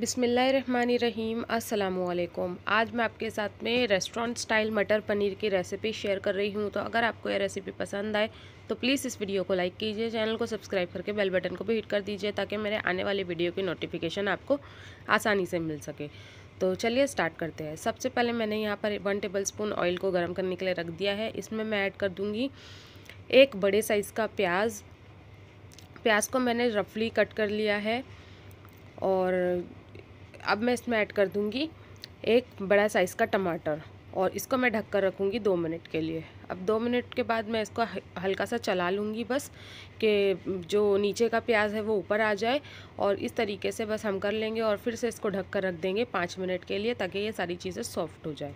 बिसमीम अल्लाम आज मैं आपके साथ में रेस्टोरेंट स्टाइल मटर पनीर की रेसिपी शेयर कर रही हूँ तो अगर आपको यह रेसिपी पसंद आए तो प्लीज़ इस वीडियो को लाइक कीजिए चैनल को सब्सक्राइब करके बेल बटन को भी हिट कर दीजिए ताकि मेरे आने वाले वीडियो की नोटिफिकेशन आपको आसानी से मिल सके तो चलिए स्टार्ट करते हैं सबसे पहले मैंने यहाँ पर वन टेबल स्पून ऑयल को गर्म करने के लिए रख दिया है इसमें मैं ऐड कर दूँगी एक बड़े साइज़ का प्याज प्याज को मैंने रफली कट कर लिया है और अब मैं इसमें ऐड कर दूँगी एक बड़ा साइज़ का टमाटर और इसको मैं ढक कर रखूँगी दो मिनट के लिए अब दो मिनट के बाद मैं इसको हल्का सा चला लूँगी बस कि जो नीचे का प्याज है वो ऊपर आ जाए और इस तरीके से बस हम कर लेंगे और फिर से इसको ढक कर रख देंगे पाँच मिनट के लिए ताकि ये सारी चीज़ें सॉफ्ट हो जाए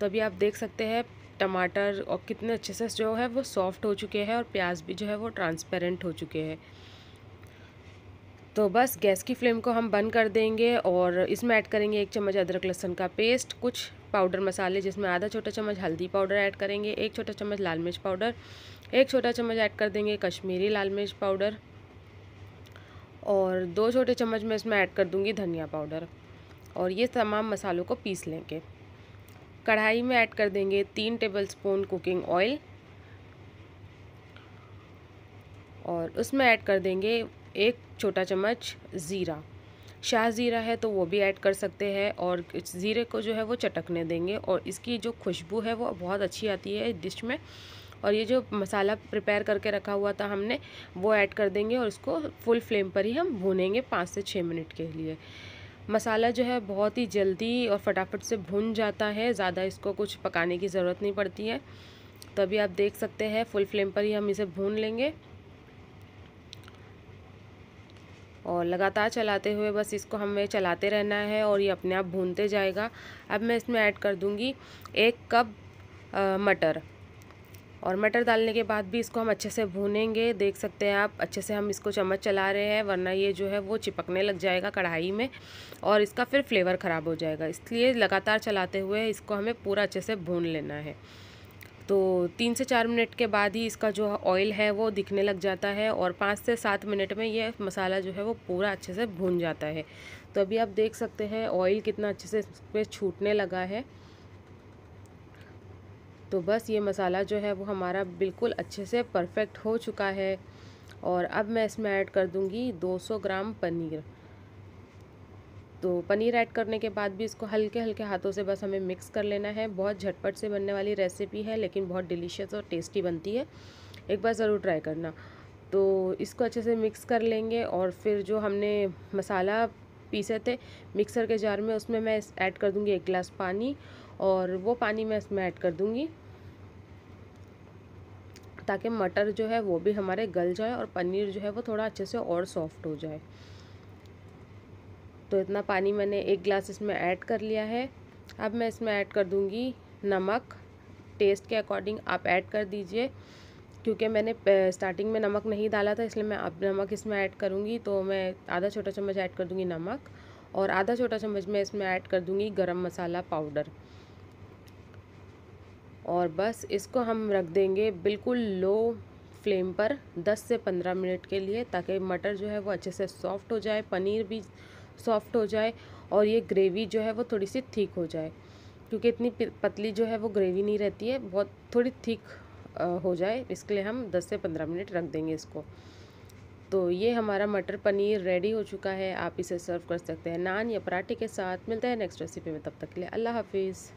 तो अभी आप देख सकते हैं टमाटर और कितने अच्छे से जो है वो सॉफ्ट हो चुके हैं और प्याज भी जो है वो ट्रांसपेरेंट हो चुके हैं तो बस गैस की फ्लेम को हम बंद कर देंगे और इसमें ऐड करेंगे एक चम्मच अदरक लहसन का पेस्ट कुछ पाउडर मसाले जिसमें आधा छोटा चम्मच हल्दी पाउडर ऐड करेंगे एक छोटा चम्मच लाल मिर्च पाउडर एक छोटा चम्मच ऐड कर देंगे कश्मीरी लाल मिर्च पाउडर और दो छोटे चम्मच मैं इसमें ऐड कर दूँगी धनिया पाउडर और ये तमाम मसालों को पीस लेंगे कढ़ाई में ऐड कर देंगे तीन स्पून कुकिंग ऑयल और उसमें ऐड कर देंगे एक छोटा चम्मच ज़ीरा शाह ज़ीरा है तो वो भी ऐड कर सकते हैं और ज़ीरे को जो है वो चटकने देंगे और इसकी जो खुशबू है वो बहुत अच्छी आती है डिश में और ये जो मसाला प्रिपेयर करके रखा हुआ था हमने वो ऐड कर देंगे और इसको फुल फ्लेम पर ही हम भूनेंगे पाँच से छः मिनट के लिए मसाला जो है बहुत ही जल्दी और फटाफट से भुन जाता है ज़्यादा इसको कुछ पकाने की ज़रूरत नहीं पड़ती है तो अभी आप देख सकते हैं फुल फ्लेम पर ही हम इसे भून लेंगे और लगातार चलाते हुए बस इसको हमें चलाते रहना है और ये अपने आप भूनते जाएगा अब मैं इसमें ऐड कर दूँगी एक कप मटर और मटर डालने के बाद भी इसको हम अच्छे से भूनेंगे देख सकते हैं आप अच्छे से हम इसको चम्मच चला रहे हैं वरना ये जो है वो चिपकने लग जाएगा कढ़ाई में और इसका फिर फ्लेवर ख़राब हो जाएगा इसलिए लगातार चलाते हुए इसको हमें पूरा अच्छे से भून लेना है तो तीन से चार मिनट के बाद ही इसका जो ऑयल है वो दिखने लग जाता है और पाँच से सात मिनट में ये मसाला जो है वो पूरा अच्छे से भून जाता है तो अभी आप देख सकते हैं ऑयल कितना अच्छे से इस पर छूटने लगा है तो बस ये मसाला जो है वो हमारा बिल्कुल अच्छे से परफेक्ट हो चुका है और अब मैं इसमें ऐड कर दूँगी दो ग्राम पनीर तो पनीर ऐड करने के बाद भी इसको हल्के हल्के हाथों से बस हमें मिक्स कर लेना है बहुत झटपट से बनने वाली रेसिपी है लेकिन बहुत डिलीशियस और टेस्टी बनती है एक बार ज़रूर ट्राई करना तो इसको अच्छे से मिक्स कर लेंगे और फिर जो हमने मसाला पीसे थे मिक्सर के जार में उसमें मैं ऐड कर दूँगी एक गिलास पानी और वो पानी मैं इसमें ऐड कर दूँगी ताकि मटर जो है वो भी हमारे गल जाए और पनीर जो है वो थोड़ा अच्छे से और सॉफ्ट हो जाए तो इतना पानी मैंने एक ग्लास इसमें ऐड कर लिया है अब मैं इसमें ऐड कर दूँगी नमक टेस्ट के अकॉर्डिंग आप ऐड कर दीजिए क्योंकि मैंने स्टार्टिंग में नमक नहीं डाला था इसलिए मैं अब नमक इसमें ऐड करूँगी तो मैं आधा छोटा चम्मच ऐड कर दूँगी नमक और आधा छोटा चम्मच मैं इसमें ऐड कर दूँगी गरम मसाला पाउडर और बस इसको हम रख देंगे बिल्कुल लो फ्लेम पर 10 से 15 मिनट के लिए ताकि मटर जो है वो अच्छे से सॉफ्ट हो जाए पनीर भी सॉफ्ट हो जाए और ये ग्रेवी जो है वो थोड़ी सी थिक हो जाए क्योंकि इतनी पतली जो है वो ग्रेवी नहीं रहती है बहुत थोड़ी थिक हो जाए इसके लिए हम 10 से 15 मिनट रख देंगे इसको तो ये हमारा मटर पनीर रेडी हो चुका है आप इसे सर्व कर सकते हैं नान या पराठे के साथ मिलता है नेक्स्ट रेसिपी में तब तक के लिए अल्लाह हाफिज़